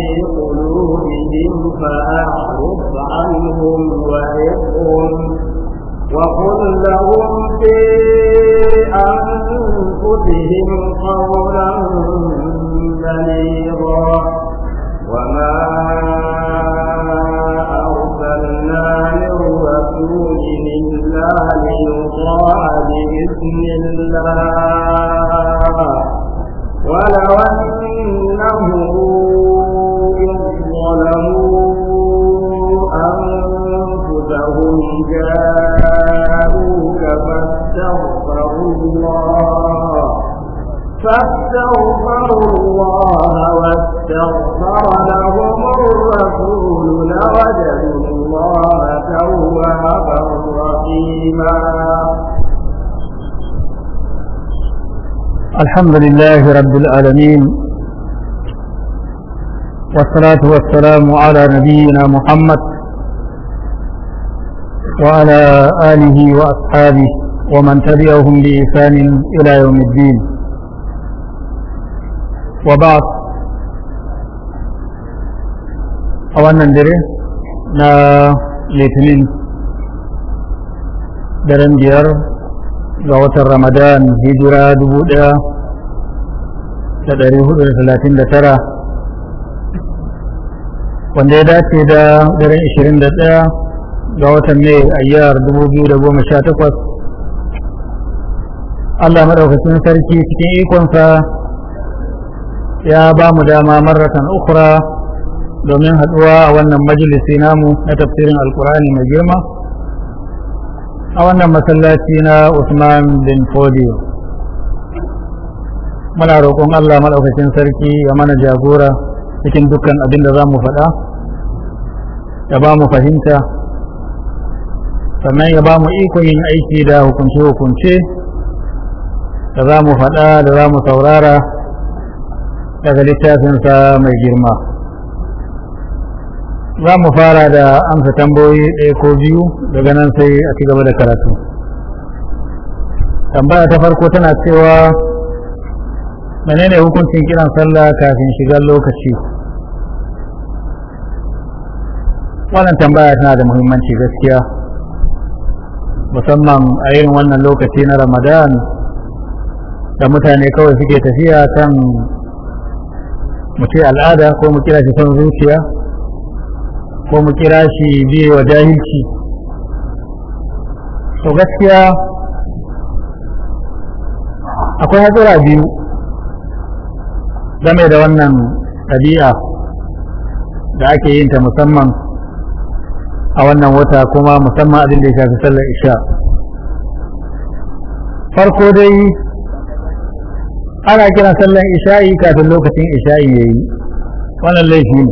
ಏನು الحمد لله رب العالمين والصلاة والسلام على نبينا محمد وعلى آله وأصحابه ومن تبعهم بإحسان إلى يوم الدين وبعد أولا ندري نا لتنين درن بيار ga هجرة ramadan da ɗari hudu da talatin da tara wanda ya dace da daren ashirin da ɗaya ga watan mai ayyar dubu biyu da goma sha takwas Allah maɗaukacin sarki cikin ikonsa ya ba mu dama marratan ukura domin haɗuwa a wannan majalisi namu na tafsirin alkur'ani mai girma a wannan masallaci na Usman bin Fodiyo. muna roƙon Allah maɗaukakin sarki ya mana jagora cikin dukkan abin da za mu faɗa ya ba mu fahimta sannan ya ba mu ikon yin aiki da hukunce-hukunce da za mu faɗa da za mu saurara daga littafinsa mai girma za mu fara da amsa tambayoyi ɗaya ko biyu daga nan sai a ci gaba da karatu tambaya ta farko tana cewa menene hukuncin kiran sallah kafin shigar lokaci wannan tambaya tana da muhimmanci gaskiya musamman a irin wannan lokaci na ramadan da mutane kawai suke tafiya kan mu al'ada ko mu kira shi son zuciya ko mu kira shi biye wa jahilci to gaskiya akwai hatsura biyu game da wannan ɗabi'a da ake yin ta musamman a wannan wata kuma musamman abin da ya shafi sallar isha farko dai ana kira sallar isha'i kafin lokacin isha'i ya yi wannan laifi ne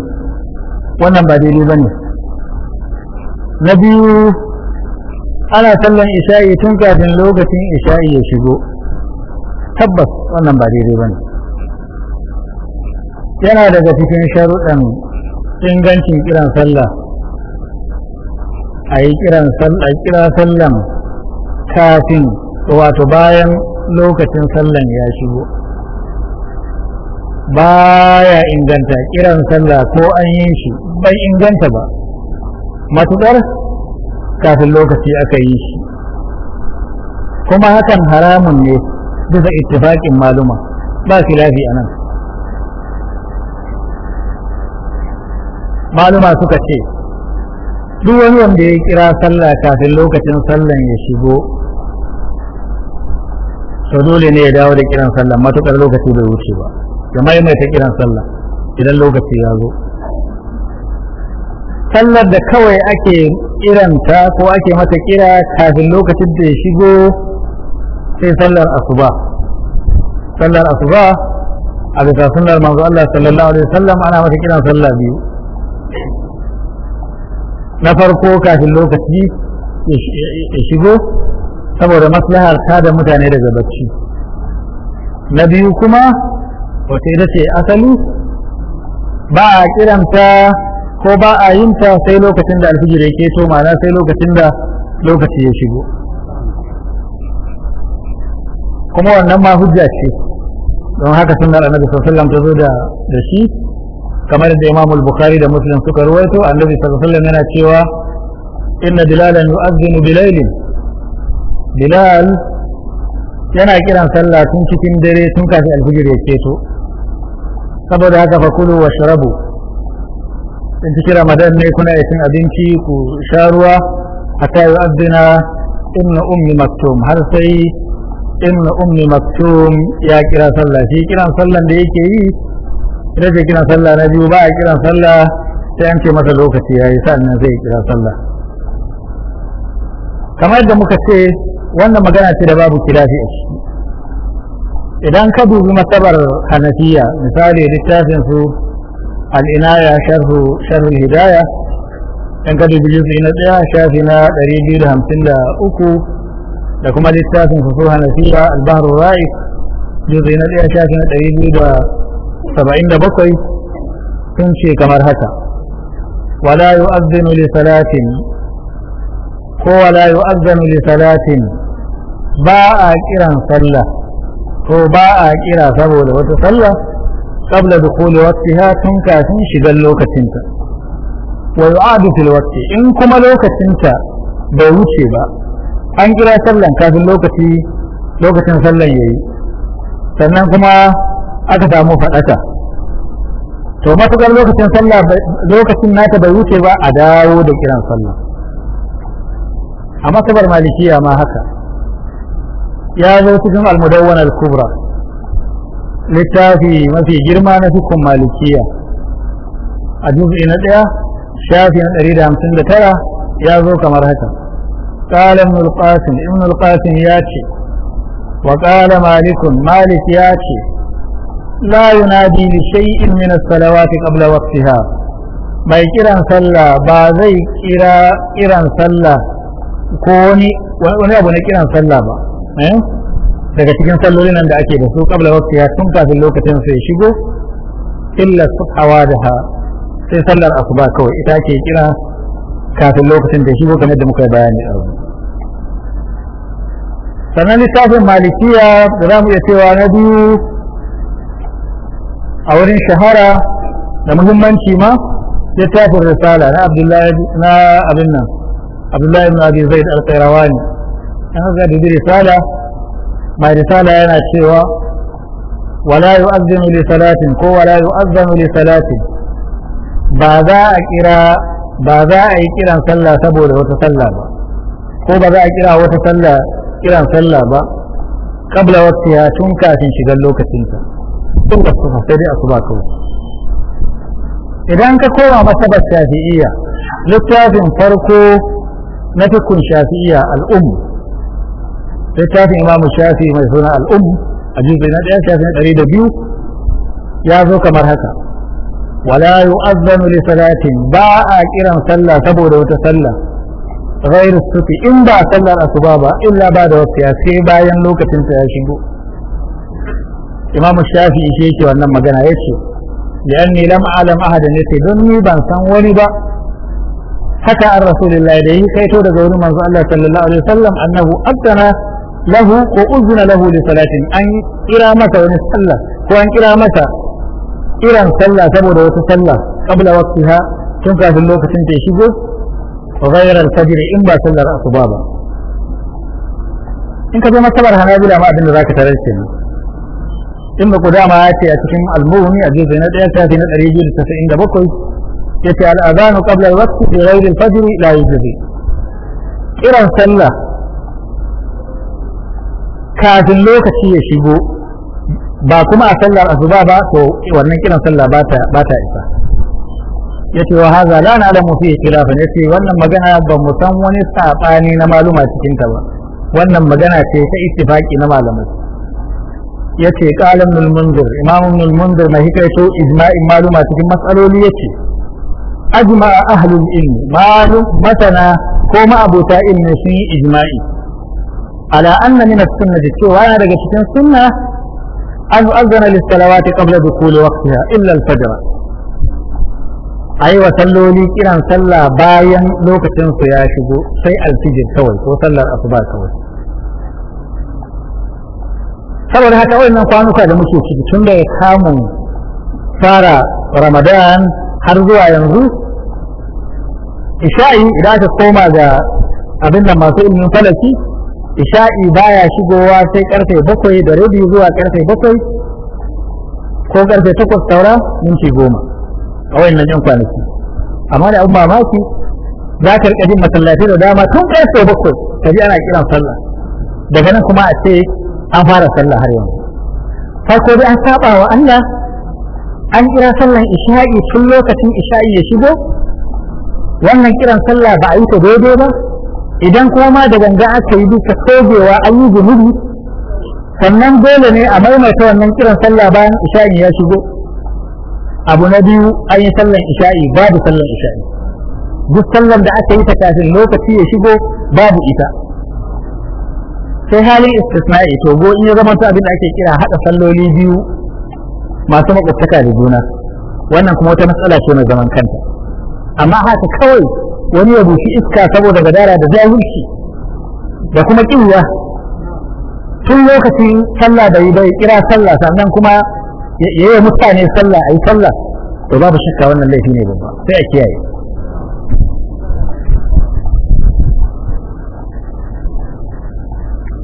wannan ba daidai ba ne na biyu ana sallar isha'i tun kafin lokacin isha'i ya shigo tabbas wannan ba daidai ba ne yana daga cikin sharuɗan ingancin kiran sallah a yi kiran kira sallan kafin wato bayan lokacin sallan ya shigo baya inganta kiran sallah ko an yi shi bai inganta ba matuƙar kafin lokaci aka yi shi kuma hakan haramun ne bisa ittifaƙin maluma ba filafi a nan maluma suka ce duk wani wanda ya kira sallah kafin lokacin sallan ya shigo to dole ne ya dawo da kiran sallah matukar lokaci bai wuce ba ya maimaita kiran sallah idan lokaci ya zo sallar da kawai ake kiranta ko ake mata kira kafin lokacin da ya shigo sai sallar asuba sallar asuba a bisa sunnar manzo Allah sallallahu alaihi wasallam ana mata kiran sallah biyu na farko kafin lokaci ya shigo saboda maslahar da mutane daga bacci na biyu kuma wata ita ce asali ba a kiranta ko ba a yin ta sai lokacin da alfijir ya keto mana sai lokacin da lokaci ya shigo kuma wannan ma hujja ce don haka sun annabi sallallahu alaihi wasallam ta zo da shi kamar da Imam al da Muslim suka ruwaito Annabi sallallahu yana cewa inna bilalan yu'adhdhinu bilailin bilal yana kiran sallah tun cikin dare tun kafi alfijir ya keto saboda haka fa kulu wa sharabu in cikin ramadan ne kuna cin abinci ku sha ruwa hatta yu'adhdhina inna ummi maktum har sai inna ummi maktum ya kira sallah shi kiran sallan da yake yi idan ce kiran sallah na biyu ba a kiran sallah sai an ce masa lokaci yayi sannan zai kira sallah kamar da muka ce wannan magana ce da babu kilafi a idan ka dubi masabar hanafiya misali littafin su al'inaya sharhu sharhu hidaya in ka dubi yusu na tsaya shafi na ɗari biyu da hamsin da da uku kuma littafin su su hanafiya albahar Rais yusu na tsaya shafi na ɗari biyu da. saba'in da bakwai sun ce kamar haka wala yu'adhdhinu li salatin ko wala yu'adhdhinu li salatin ba a kiran sallah ko ba a kira saboda wata sallah qabla dukhuli waqtiha tun kafin shigar lokacinta wa yu'adu fil waqti in kuma lokacinta bai wuce ba an kira sallan kafin lokacin sallan yayi sannan kuma aka samu faɗaka to matuƙar lokacin sallah lokacin nata bai wuce ba a dawo da kiran sallah a masabar malikiya ma haka ya zo cikin almudawwan al-kubra littafi mafi girma na hukun malikiya a juz'i na ɗaya shafi na ɗari da hamsin da tara ya zo kamar haka قال ابن ya ce. Wa ياتي Malikun Malik ya ce. لا ينادي بشيء من الصلوات قبل وقتها mai kiran sallah ba zai kira kiran sallah ko wani wani abu na kiran sallah ba daga cikin sallolin nan da ake da su kabla wasu ya tun kafin lokacin sai shigo illa subhawa da ha sai sallar asuba kawai ita ke kira kafin lokacin da shigo kamar da muka bayani a sannan littafin malikiya da za mu iya cewa na biyu a wurin shahara da muhimmanci ma ya tafi risala na abdullahi na abin nan abdullahi ibn zai zaid al-qayrawani an ga da risala mai risala yana cewa wala yu'azzinu li salatin ko wala yu'azzinu li salatin ba za a kira ba za a yi kiran sallah saboda wata sallah ba ko ba za a kira wata sallah kiran sallah ba kabla waqtiha tun kafin shigar lokacinta tun da kuma sai dai asuba kawai idan ka koma masabar shafi'iyya littafin farko na fikun shafi'iyya al'um littafin imamu shafi mai suna al'um a jizai na ɗaya shafi na ɗari da biyu ya zo kamar haka wala yu'azzanu li salatin ba a kiran sallah saboda wata sallah ghairu sufi in ba sallar asuba ba illa ba da wasu ya sai bayan lokacin ta ya shigo imam shafi'i shi yake wannan magana yace li'anni lam alam ahadan ce don ni ban san wani ba haka an rasulullahi da yi kaito daga wurin manzo Allah sallallahu alaihi wasallam annahu abtana lahu ko uzna lahu li salatin an kira masa wani sallah ko an kira masa iran sallah saboda wata sallah qabla waqtiha tun kafin lokacin ta shigo غير الفجر إن با صلى الأصباب إن كذا ما صبر هنابلا ما أدن ذاك ترى السنة In ibn qudama ya ce a cikin al-mughni a juz'i na 1 safi na 297 yace al-adhanu qabla al-waqt bi ghayri al-fajr la yujzi kiran sallah kafin lokaci ya shigo ba kuma a sallar asuba ba to wannan kiran sallah ba ta ba Ya ce yace wa hadha la na'lamu fihi khilafan yace wannan magana ba mu san wani saɓani na maluma cikinta ba wannan magana ce ta ittifaqi na malamai yace qalan nul munzir imam nul munzir mai hikaito ijma'in maluma cikin matsaloli yace ajma ahlul ilmi malum matana ko ma'abota ilmi sun yi ijma'i ala anna min as-sunnah cewa yana daga cikin sunna an azana lis salawati qabla dukhuli waqtiha illa al-fajr ai wa salloli kiran sallah bayan lokacin su ya shigo sai al-fajr kawai ko sallar asuba kawai saboda haka waɗannan kwanuka da muke ciki tun da ya kamu fara ramadan har zuwa yanzu isha'i idan aka koma ga abin da masu ilimin falaki isha'i baya shigowa sai karfe bakwai da rabi zuwa karfe bakwai ko karfe takwas taura minti goma a wayannan yan kwanaki amma da abin mamaki za ka rika jin masallatai da dama tun karfe bakwai ka ji ana kiran sallah daga nan kuma a ce an fara sallah har yanzu farko dai an saba wa Allah an kira sallan isha'i tun lokacin isha'i ya shigo wannan kiran sallah ba a yi ta daidai ba idan kuma da ganga aka yi duka sojewa an yi zunubi sannan dole ne a maimaita wannan kiran sallah bayan isha'i ya shigo abu na biyu an yi sallan isha'i babu sallan isha'i duk sallar da aka yi ta kafin lokaci ya shigo babu ita sai halin istisna'i to go in ya zama ta abin da ake kira hada salloli biyu masu makwabtaka da juna wannan kuma wata matsala ce mai zaman kanta amma haka kawai wani ya bushi iska saboda gadara da zahirci da kuma kiwa tun lokacin sallah da bai kira sallah sannan kuma ya yi mutane sallah a yi sallah to babu shakka wannan laifi ne babba sai a kiyaye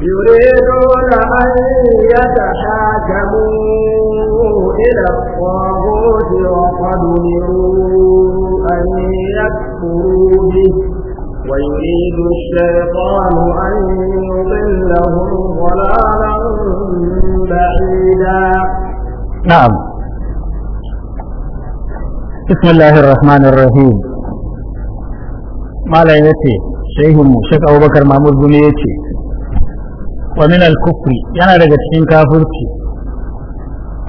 يريدون أن يتحاكموا إلى الطاغوت وقد أمروا أن يكفروا به ويريد الشيطان أن يضلهم ضلالا بعيدا نعم بسم الله الرحمن الرحيم ما لا يأتي شيخ أبو بكر محمود بن يأتي wa min al-kufri yana daga cikin kafirci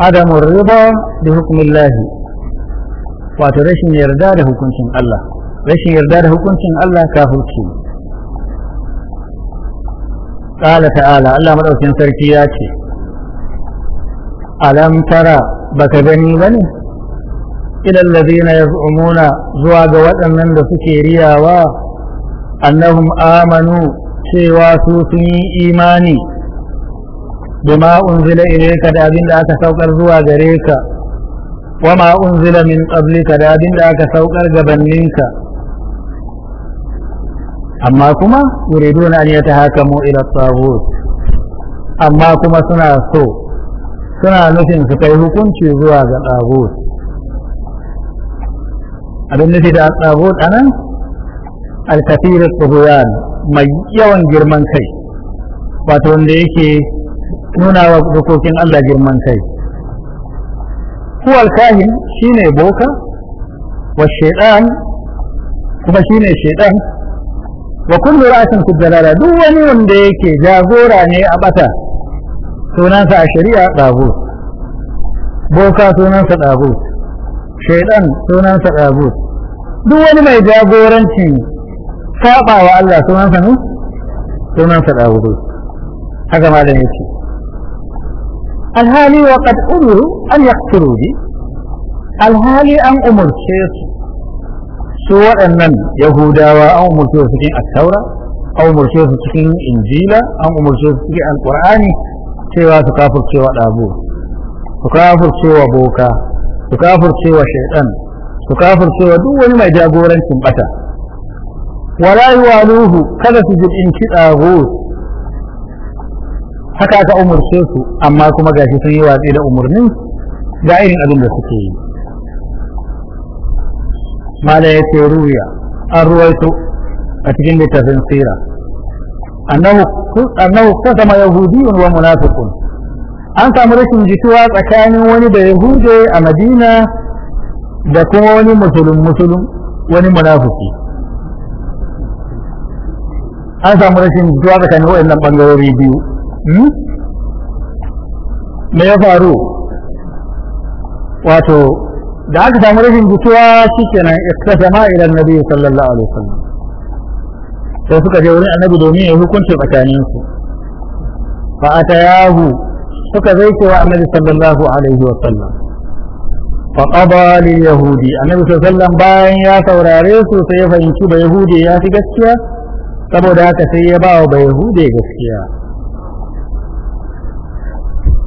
adamu riba da hukumin lahi wato rashin yarda da hukuncin Allah rashin yarda da hukuncin Allah kafirci qala ta'ala Allah madaukin sarki ya ce alam tara baka gani bane ila alladhina yaz'umuna zuwa ga waɗannan da suke riyawa annahum amanu cewa su sun yi imani bima unzila ka da abin da aka saukar zuwa gare ka wa ma zila min ka da abin da aka saukar gabaninka amma kuma yuriduna an mu ila at amma kuma suna so suna nufin su kai hukunci zuwa ga taghut abin nufi da taghut anan alkafirar tuhuyan mai yawan girman kai wato wanda yake nuna wa dokokin Allah girman kai ku alkahin shine boka wa shaidan kuma shine shaidan wa kullu ra'atin kubdalala duk wani wanda yake jagora ne a bata sunansa a shari'a dago boka sunansa dago shaidan sunansa dago duk wani mai jagorancin saba wa Allah sunansa ne sunansa dawudu haka malam yake alhali wa qad umiru an yaqtulu bi alhali an umurce su su waɗannan yahudawa an umurce su cikin attaura an umurce su cikin injila an umurce su cikin alqur'ani cewa su wa dabu su wa boka su wa shaidan su wa duk wani mai jagorancin bata wala yuwaluhu kada su ji jibinci ɗago haka aka umarce su amma kuma gashi sun yi watsi da umarnin ga irin abin da suke yi mala ya ce ruya an ruwaito a cikin littafin sira annahu ma yahudiyun wa munafiqun an samu rashin jituwa tsakanin wani da yahude a madina da kuma wani musulun musulun wani munafiki an samu rashin jituwa tsakanin waɗannan ɓangarori biyu hmm? me ya faru wato da aka samu rashin jituwa shi kenan iktasama ila annabi sallallahu alaihi wasallam sai suka je wurin annabi domin ya hukunci mutanensu. su fa atayahu suka zai ce wa annabi sallallahu alaihi wasallam fa qada lil yahudi annabi sallallahu alaihi bayan ya saurare su sai ya fahimci ba yahudi ya fi gaskiya saboda haka sai ya ba wa bai hude gaskiya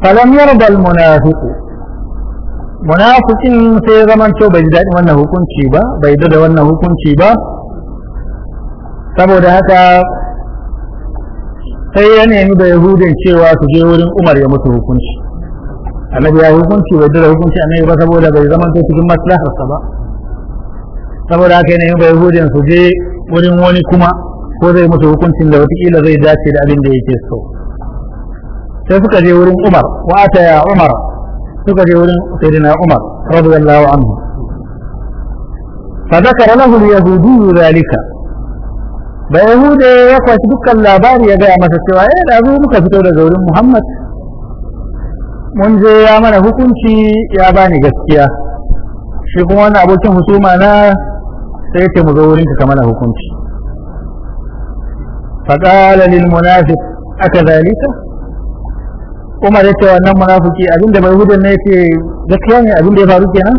falam yarda al munafiqu munafiqin sai ya zama to bai daɗi wannan hukunci ba bai da wannan hukunci ba saboda haka sai ya nemi da yahudin cewa su je wurin umar ya mutu hukunci annabi ya hukunci bai da hukunci annabi ba saboda bai zama to cikin maslaharsa ba saboda haka ne nemi da yahudin su je wurin wani kuma ko zai musu hukuncin da wataƙila zai dace da abin da yake so sai suka je wurin umar wa ya umar suka je wurin sayyidina umar radiyallahu anhu fa zakara lahu al-yahudi zalika ba yahuda ya kwashi dukkan labari ya gaya masa cewa eh da zo muka fito daga wurin muhammad mun je ya mana hukunci ya bani gaskiya shi kuma wani abokin husuma na sai ya ce mu zo wurinka ka mana hukunci فقال للمنافق أكذلك Umar ya ce wannan munafiki abin da Yahudan ne yace gaskiya ne abin da ya faru kenan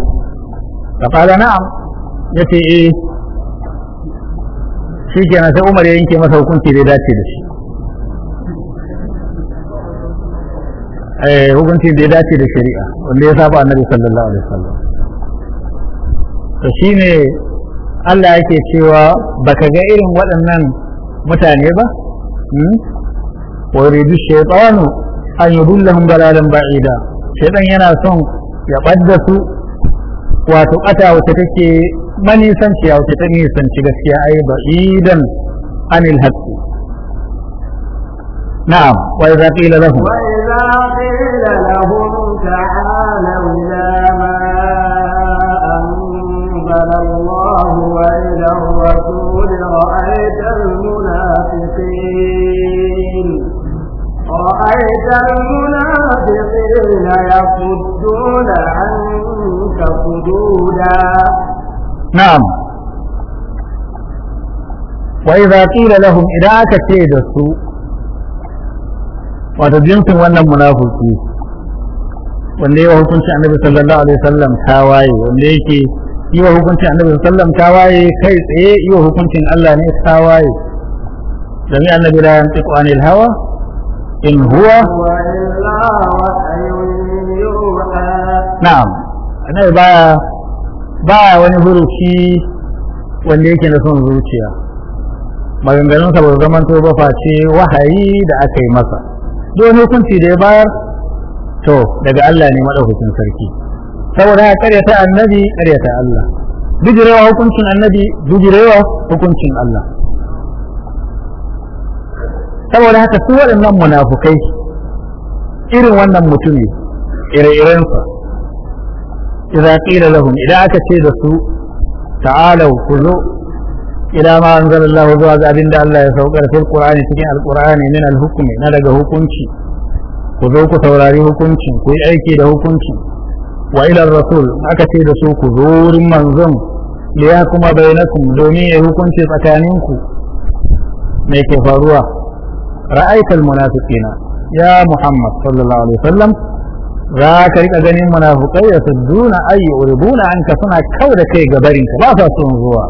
fa qala na'am yace eh shi kenan sai Umar ya yanke masa hukunci da dace da shi eh hukunci da dace da shari'a wanda ya saba Annabi sallallahu alaihi wasallam to shine Allah yake cewa baka ga irin waɗannan mutane ba wa yuridu shaytanu an yudullahum dalalan ba'ida shaytan yana son ya badda su wato ata wacce take manisanciya wacce ta nisanci gaskiya ai ba'idan anil haqqi نعم وإذا قيل لهم وإذا قيل لهم تعالوا إلى ما أنزل الله وإلى الرسول رأيت المتقين رأيت المنافقين يصدون عنك صدودا نعم وإذا قيل لهم إذا أكتيد السوء وتجنس وأن منافقين wanda yawa hukunci annabi sallallahu alaihi wasallam waye, wanda yake yi wa hukunci annabi sallallahu alaihi wasallam waye kai tsaye yi wa hukuncin Allah ne ta waye. domin annabi la yantiqu anil hawa in na'am annabi baya wani hurufi wanda yake na son zuciya maganganunsa ba zaman to ce wahayi da aka yi masa duk hukunci da ya bayar to daga Allah ne madaukakin sarki saboda haka karyata annabi karyata Allah bijirewa hukuncin annabi bijirewa hukuncin Allah saboda haka su waɗannan munafukai irin wannan mutumi ire-irensa idza qila lahum idan aka ce da su ta'alau ku zo ila ma anzalallahu zuwa ga abinda Allah ya saukar fil qur'ani cikin alqur'ani min alhukmi na daga hukunci ku zo ku saurari hukunci ku yi aiki da hukunci wa ila rasul aka ce da su ku zo wurin manzon liya kuma bainakum domin ya hukunci tsakaninku me ke faruwa رأيت المنافقين يا محمد صلى الله عليه وسلم ذاك ريك أجنين منافقين يسدون أي يغربون عنك صنع كودة كي قبرنك لا زوا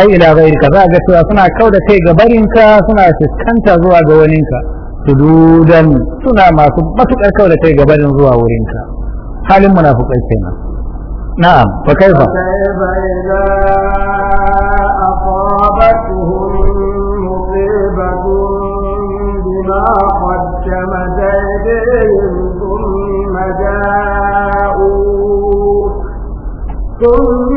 أي إلى غيرك ذاك صنع كودة كي قبرنك صنع سكنت زوا قولنك سدودا صنع ما سبتك كودة كي قبرن زوا ورنك حال المنافقين نعم فكيف فكيف إذا أيديهم ثم جاءوك ثم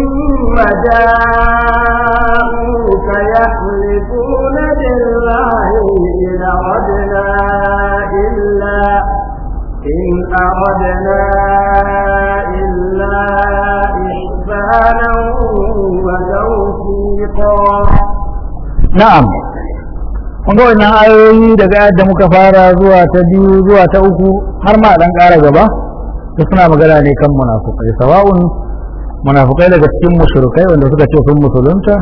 جاءوك يحلفون بالله إن أردنا إلا إن أردنا إلا إحسانا وتوفيقا نعم kun ga wannan ayoyi daga yadda muka fara zuwa ta biyu zuwa ta uku har ma dan ƙara gaba da suna magana ne kan munafukai sawa'un munafukai daga cikin mushrikai wanda suka ce sun musulunta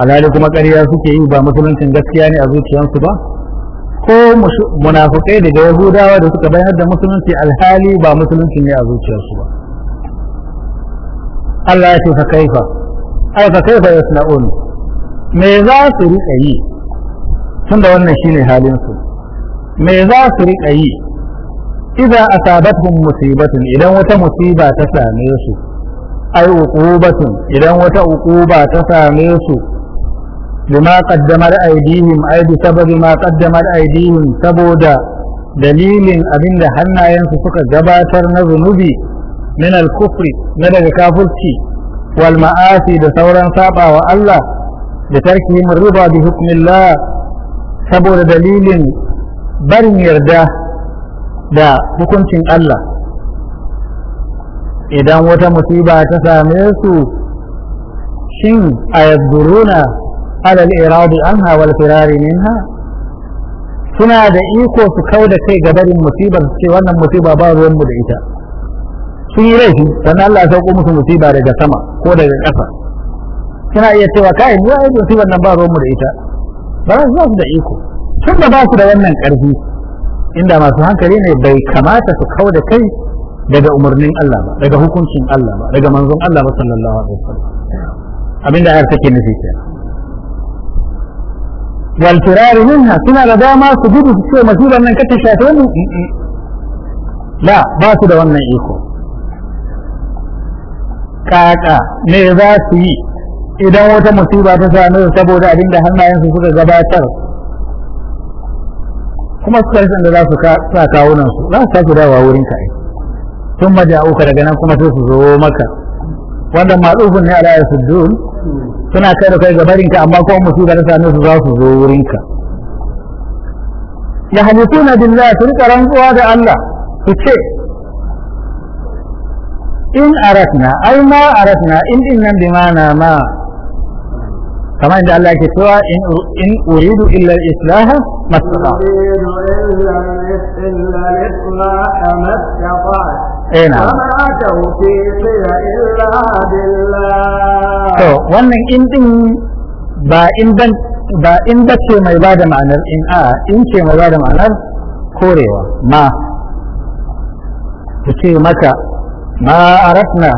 alhali kuma ƙarya suke yi ba musuluncin gaskiya ne a zuciyarsu ba ko munafukai daga yahudawa da suka bayar da musulunci alhali ba musulunci ne a zuciyarsu ba Allah ya ce fa kaifa ai fa kaifa yasna'un me za su riƙa yi da wannan shine halin su me za su riƙa yi idza asabatuhum musibatun idan wata musiba ta same su ay uqubatun idan wata uquba ta same su bima qaddamar aydihim ay bi sababi ma qaddamar aydihim saboda dalilin abinda hannayensu suka gabatar na zunubi min al-kufri na daga kafirci wal ma'asi da sauran saba wa Allah da tarkihim riba bi hukmillah saboda dalilin barin yarda da hukuncin Allah idan wata musiba ta same su shin a yaduruna alal iradi anha wal firari minha suna da iko su kau da kai ga barin musiba su ce wannan musiba ba ruwan mu da ita sun yi laifi sannan Allah ya sauko musu musiba daga sama ko daga kasa suna iya cewa kai mu ai musibar nan ba ruwan mu da ita ba za su da iko tun da ba su da wannan ƙarfi inda masu hankali ne bai kamata su kau da kai daga umarnin Allah ba daga hukuncin Allah ba daga manzon Allah ba sallallahu alaihi wasallam abinda ayar take nufi kenan wal firari minha suna da dama su gudu su ce masibar nan kace shafe mu la ba su da wannan iko kaka me za su yi idan wata musiba ta same su saboda abin da hannayensu suka gabatar kuma su karshen da za su sa kawunansu su za su sake dawa wurin ka sun uka daga nan kuma sai su zo maka wanda matsufin ne ala yasuddun suna kai da kai gabarin ka amma kuma musiba ta same su za su zo wurin ka ya na billah sun rantsuwa da Allah su ce in aratna ai ma aratna in din nan bi na ma kamar da Allah ke cewa in uridu illa al-islah mastata ina to wannan in din ba in ban ba in ba ce mai ba da ma'anar in a in ce mai ba da ma'anar korewa ma ta ce maka ma aratna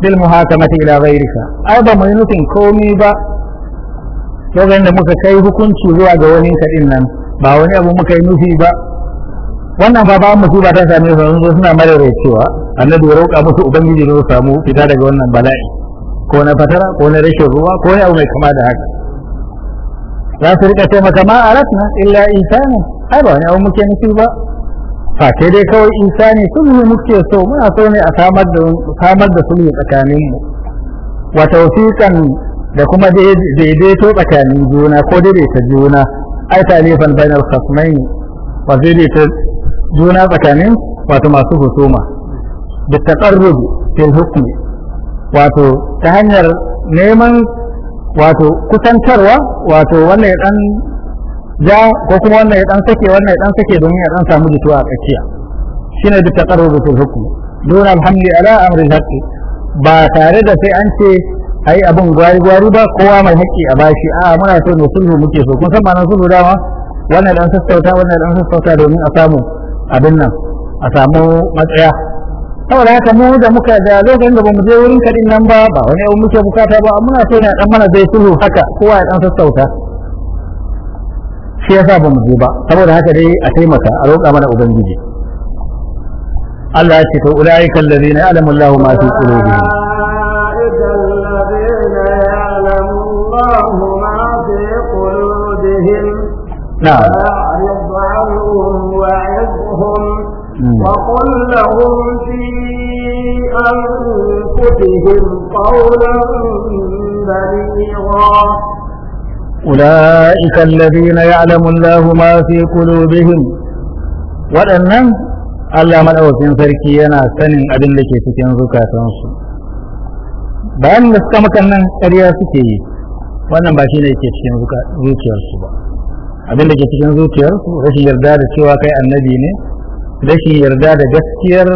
bil muhakamati ila ghayrika ai ba mai nufin komai ba lokacin da muka kai hukunci zuwa ga wani kaɗin nan ba wani abu muka yi nufi ba wannan fa musu ba ta same su sun suna mararai cewa annabi ya rauka musu ubangiji ne su samu fita daga wannan bala'i ko na fatara ko na rashin ruwa ko ya abu mai kama da haka za su rika taimaka ma aratna illa insani ai ba wani abu muke nufi ba fate dai kawai insani yi muke so muna so ne a samar da samar da sulhu tsakaninmu wa tawfiqan da kuma daidaito tsakanin juna ko daidaita juna ai talifan bainal khasmain wa daidaita juna tsakanin wato masu husuma da taqarrub fil hukm wato ta hanyar neman wato kusantarwa wato wannan ya dan ja ko kuma wannan ya dan sake wannan ya dan sake domin ya dan samu jituwa a tsakiya shine da taqarrub fil hukm dun alhamdi ala amri hakki ba tare da sai an ce ai abin gwari gwari ba kowa mai haƙƙi a bashi a muna so ne sulhu muke so kun san ma'anar sulhu dama wannan dan sassauta wannan dan sassauta domin a samu abin nan a samu matsaya saboda haka mu da muka da lokacin da bamu je wurin kadin nan ba ba wani abu muke bukata ba muna so ne dan mana zai sulhu haka kowa ya dan sassauta shi yasa bamu je ba saboda haka dai a taimaka a roƙa mana ubangiji Allah ya ce to ulaiikal ladina ya'lamu Allahu ma fi qulubihim نعم فأعرض عنهم وعظهم وقل لهم في أنفسهم قولا بليغا أولئك الذين يعلم الله ما في قلوبهم waɗannan Allah maɗaukin sarki yana sanin abin da ke cikin zukatansu bayan da suka makan nan ƙarya suke yi wannan ba shi ne ke cikin zuciyarsu ba abin da ke cikin zuciyarsu rashin yarda da cewa kai annabi ne rashin yarda da gaskiyar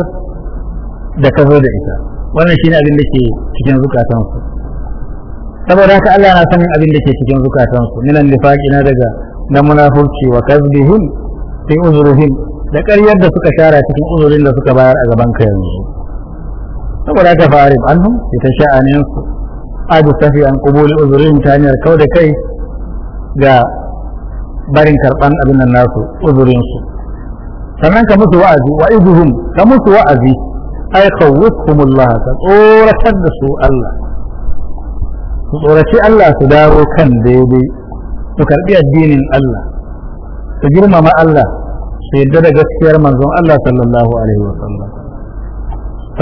da ka zo da ita wannan shine abin da ke cikin zukatansu saboda haka Allah na san abin da ke cikin zukatansu minan nifaqi na daga na munafurci wa kazbihim fi uzurihim da ƙaryar da suka shara cikin uzurin da suka bayar a gaban ka yanzu saboda haka fa'arib anhum fi tasha'anin su adu safi an qubul uzurin ta hanyar kai ga barin karban abin nan nasu uzurin su sannan ka musu wa'azi wa izuhum ka musu wa'azi ay khawfukumullah ka tsoratar da su Allah su tsoraci Allah su daro kan daidai su karbi addinin Allah su girmama Allah su yadda da gaskiyar manzon Allah sallallahu alaihi wa sallam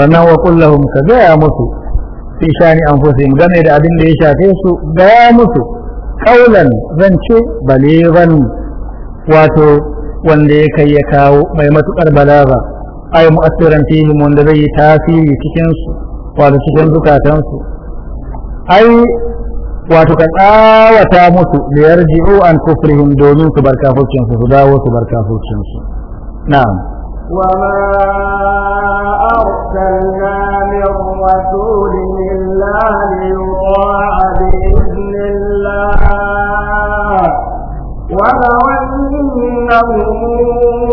sannan wa kullahum ka gaya musu fi shani anfusihim game da abin da ya shafe su gaya musu kaulan ce baleran wato wanda ya kai ya kawo mai matukar ba ai mu'assiran fihim wanda zai yi tasiri cikin su wato cikin zukatan su ai wato ka tsawata musu da yarji'u an kufrihim domin su bar kafircin su su dawo su bar kafircin su na'am wa ma arsalna min rasulin illa liyuta'a bi يشاء ولو أنهم إذ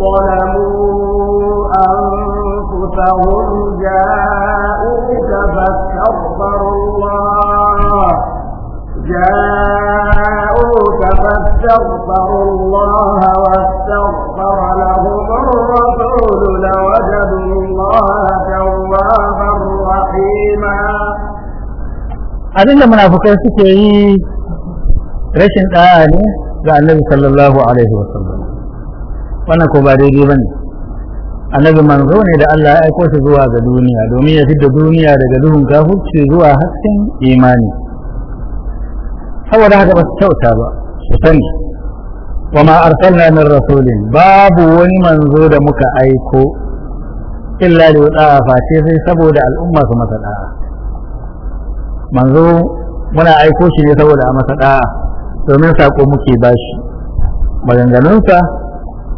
ظلموا أنفسهم جاءوك فاستغفروا الله واستغفر لهم الرسول لوجدوا الله توابا رحيما abin da munafukai suke yi rashin ɗaya ne ga annabi sallallahu alaihi wasallam wannan ko ba daidai ba ne annabi manzo ne da Allah ya aiko shi zuwa ga duniya domin ya fidda duniya daga duhun kafirci zuwa hasken imani saboda haka ba su kyauta ba su sani wa ma arsalna min rasulin babu wani manzo da muka aiko illa da wada'a face sai saboda al'umma su masa da'a manzo muna aiko shi ne saboda a masa ɗa'a domin sako muke bashi maganganunsa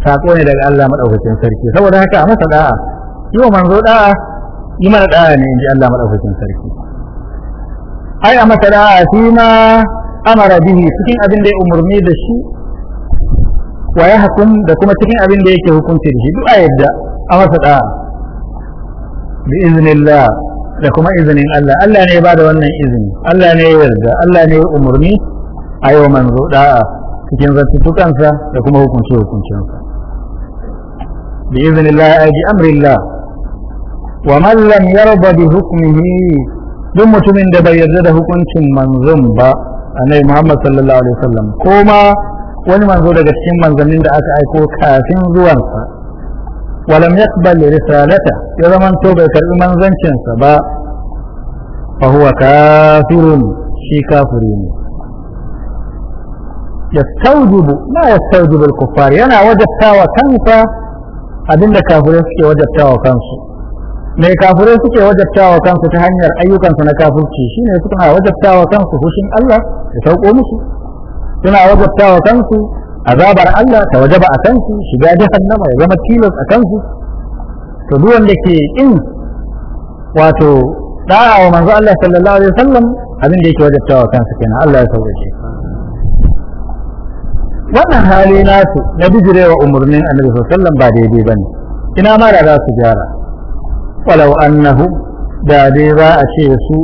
sako ne daga Allah maɗaukacin sarki saboda haka a masa ɗa'a yi wa manzo ɗa'a yi mana ɗa'a ne inji Allah maɗaukacin sarki ai a masa ɗa'a shi ma amara bihi cikin abin da ya umarni da shi wa ya hakun da kuma cikin abin da yake hukunci da shi duk a yadda a masa ɗa'a bi iznillah da kuma izinin Allah Allah ne ba da wannan izini Allah ne yarda Allah ne umarni a yau manzo da'a cikin zartutukansa da kuma hukunci hukuncinsa bi iznillah ay bi amrillah wa man lam yarda bi hukmihi duk mutumin da bai yarda da hukuncin manzon ba annabi Muhammad sallallahu alaihi wasallam ko ma wani manzo daga cikin manzannin da aka aiko kafin zuwansa ولم يقبل رسالته إذا من توبك الإيمان زنشن سبا فهو كافر شي كافرين يستوجب ما يستوجب الكفار أنا وجدت وكنسا أدن كافرين سكي وجدت وكنسا ما كافرين سكي وجدت وكنسا تهنير أيوكا سنا كافر تشيشين يتكنا وجدت وكنسا فشين الله يتوقع مسي هنا وجدت وكنسا azabar Allah ta wajaba a kansu shiga jahannama ya zama tilas a kansu to duk wanda ke in wato da'a wa manzo Allah sallallahu alaihi wasallam abin da yake wajabtawa kansa kenan Allah ya saurace wannan hali nasu na bijirewa umarnin annabi sallallahu alaihi wasallam ba daidai bane ina ma da za su gyara walau annahu da dai za a ce su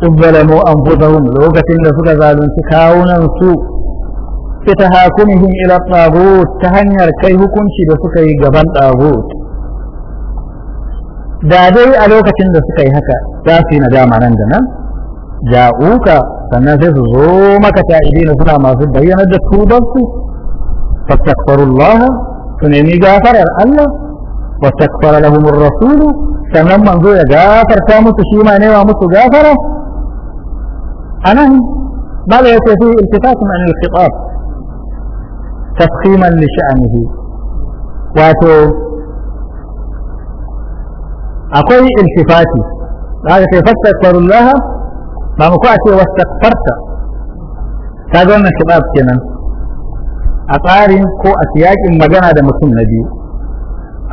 tubbalamu anfusahum lokacin da suka zalunci kawunan su بتهاكمهم إلى الطاغوت تهنير كي هكونشي بسكي جبان طاغوت da dai a lokacin da suka yi haka za su yi nadama nan da nan ja'uka sannan sai su zo maka ta'idina suna masu bayyana da tubarsu fastaghfirullaha su nemi gafarar Allah واستغفر لهم الرسول sannan manzo ya gafarta musu shi ma nema musu gafara anan bala yace fi iltifatun an al-khitab tafhiman li sha'anihi wato akwai iltifati da ka ce fastaghfirullah ba mu ko a ce wastaghfarta kaga wannan shabab kenan a tsarin ko a siyakin magana da mutum na biyu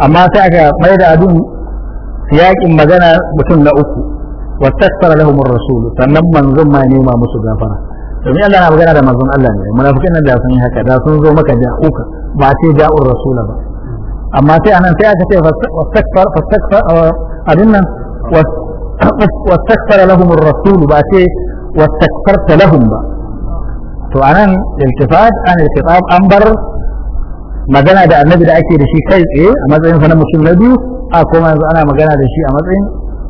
amma sai aka mai da abin siyakin magana mutum na uku wastaghfara lahumur rasul sannan manzon ma nema musu gafara domin Allah na magana da manzon Allah ne munafikai nan da sun yi haka da sun zo maka ja'uka ba sai ja'ur rasula ba amma sai anan sai aka ce fastakfar fastakfar uh, abin nan wastakfar lahum ar-rasul ba sai wastakfarta lahum ba to anan iltifat an iltifat an bar magana da annabi da ake da shi kai tsaye a matsayin sa na mutum na biyu a kuma yanzu ana magana da shi a matsayin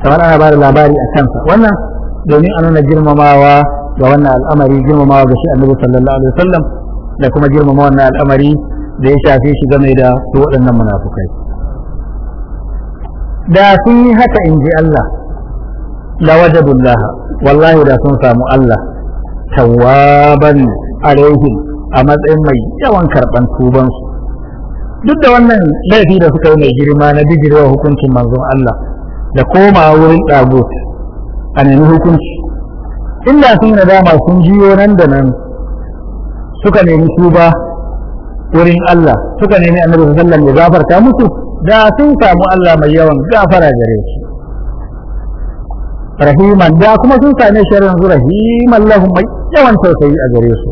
kamar ana ba da labari a kansa wannan domin a nuna girmamawa ga wannan al'amari girmamawa ga shi annabi sallallahu alaihi wasallam da kuma girmama wannan al'amari da ya shafe shi game da su waɗannan munafukai da sun yi haka in ji Allah la wajadullah wallahi da sun samu Allah tawwaban alaihim a matsayin mai yawan tuban su. duk da wannan laifi da suka yi mai girma na bijirwa hukuncin manzon Allah da koma wurin ɗago a nemi hukunci illa sun nadama sun jiyo nan da nan suka nemi tuba wurin Allah suka nemi annabi sallallahu alaihi wasallam ya gafarta musu da sun samu Allah mai yawan gafara gare su rahiman da kuma sun sami shi yanzu rahiman lahum mai yawan tausayi a gare su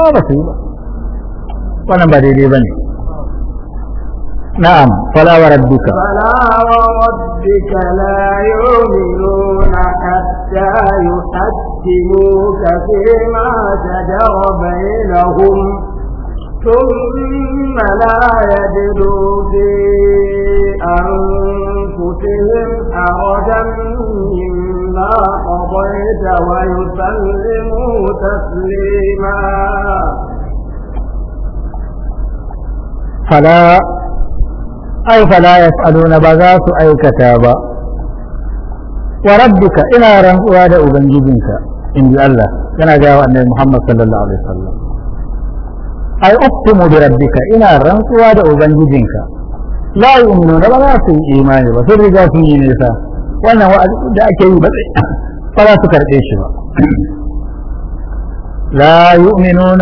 ba su ba wannan ba daidai bane نعم فلا وربك فلا وربك لا يؤمنون حتى يحكموك فيما شجر بينهم ثم لا يجدوا في أنفسهم حرجا مما قضيت ويسلموا تسليما فلا أي فلا يسألون بذات أي كتابا وربك إلى رم وعد أبنجبك إن الله كان جاء أن محمد صلى الله عليه وسلم أي أقسم بربك إلى رم وعد أبنجبك لا يؤمنون ولا في إيمان وفي الرجاء في نساء وأنا وأدعى كيوبا فلا تكر إيش لا يؤمنون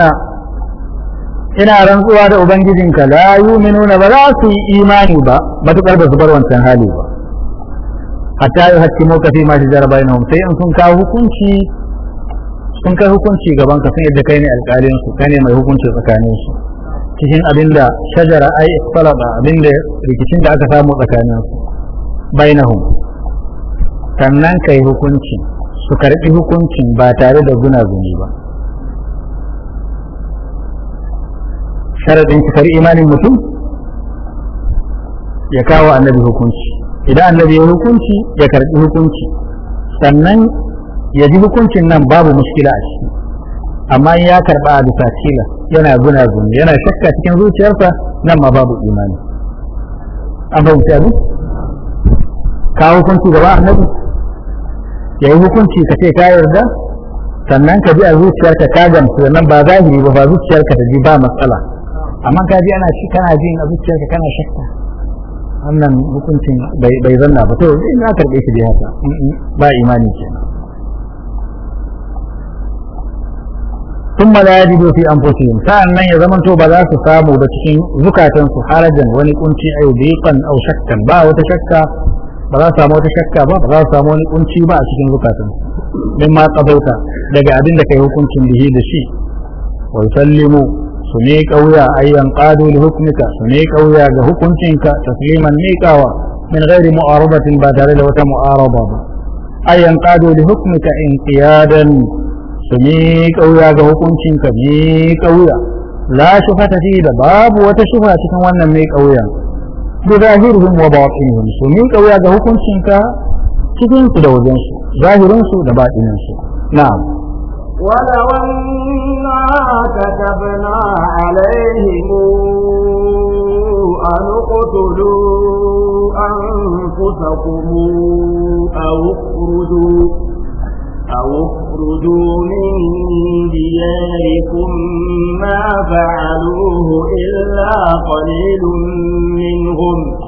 ina rantsuwa da ubangijinka la yu'minuna ba za su yi imani ba matukar ba su bar wancan hali ba hatta yi hakki muka fi ma mashi jarabai na sai in sun kawo hukunci sun kai hukunci gaban ka sun yadda kai ne alƙalin su kai ne mai hukunci tsakanin su cikin abinda shajara ai ikhtalafa abinda rikicin da aka samu tsakanin su bainahum sannan kai hukunci su karbi hukuncin ba tare da guna guni ba sharadin cikar imanin mutum ya kawo annabi hukunci idan annabi ya hukunci ya karbi hukunci sannan ya ji hukuncin nan babu mushkila a ciki amma ya karba a bisa kila yana guna guna yana shakka cikin zuciyarsa nan ma babu imani an fahimci abu ka hukunci gaba annabi ya yi hukunci ka ce ka yarda sannan ka ji a zuciyarka ka gamsu nan ba zahiri ba ba zuciyarka ta ji ba matsala amma ka ji ana kana jin a zuciyarka kana shakka wannan hukuncin bai zanna ba to in na karɓe shi dai haka mm, mm, ba imani ke ثم لا يجدوا في انفسهم فان ba za su samu da cikin zukatansu harajan wani kunci ay biqan au shakkan ba wata shakka ba za su samu wata shakka ba ba za su samu wani kunci ba a cikin zukatansu din ma tsabauta daga abin da kai hukuncin bihi da shi wa sallimu su ne kauya ayyan qadu li hukmika su ne kauya ga hukuncinka tasliman miƙawa min ghairi mu'arabatin ba tare da wata mu'araba ba ayyan qadu li hukmika inqiyadan su ne kauya ga hukuncinka ne kauya la shubhata fi da babu wata shubha cikin wannan mai kauya bi zahirihim wa batinihim su ne kauya ga hukuncinka cikin su da wajen su zahirin su da batinin su na'am ولو أنا كتبنا عليهم أن اقتلوا أنفسكم أو اخرجوا أو اخرجوا من دياركم ما فعلوه إلا قليل منهم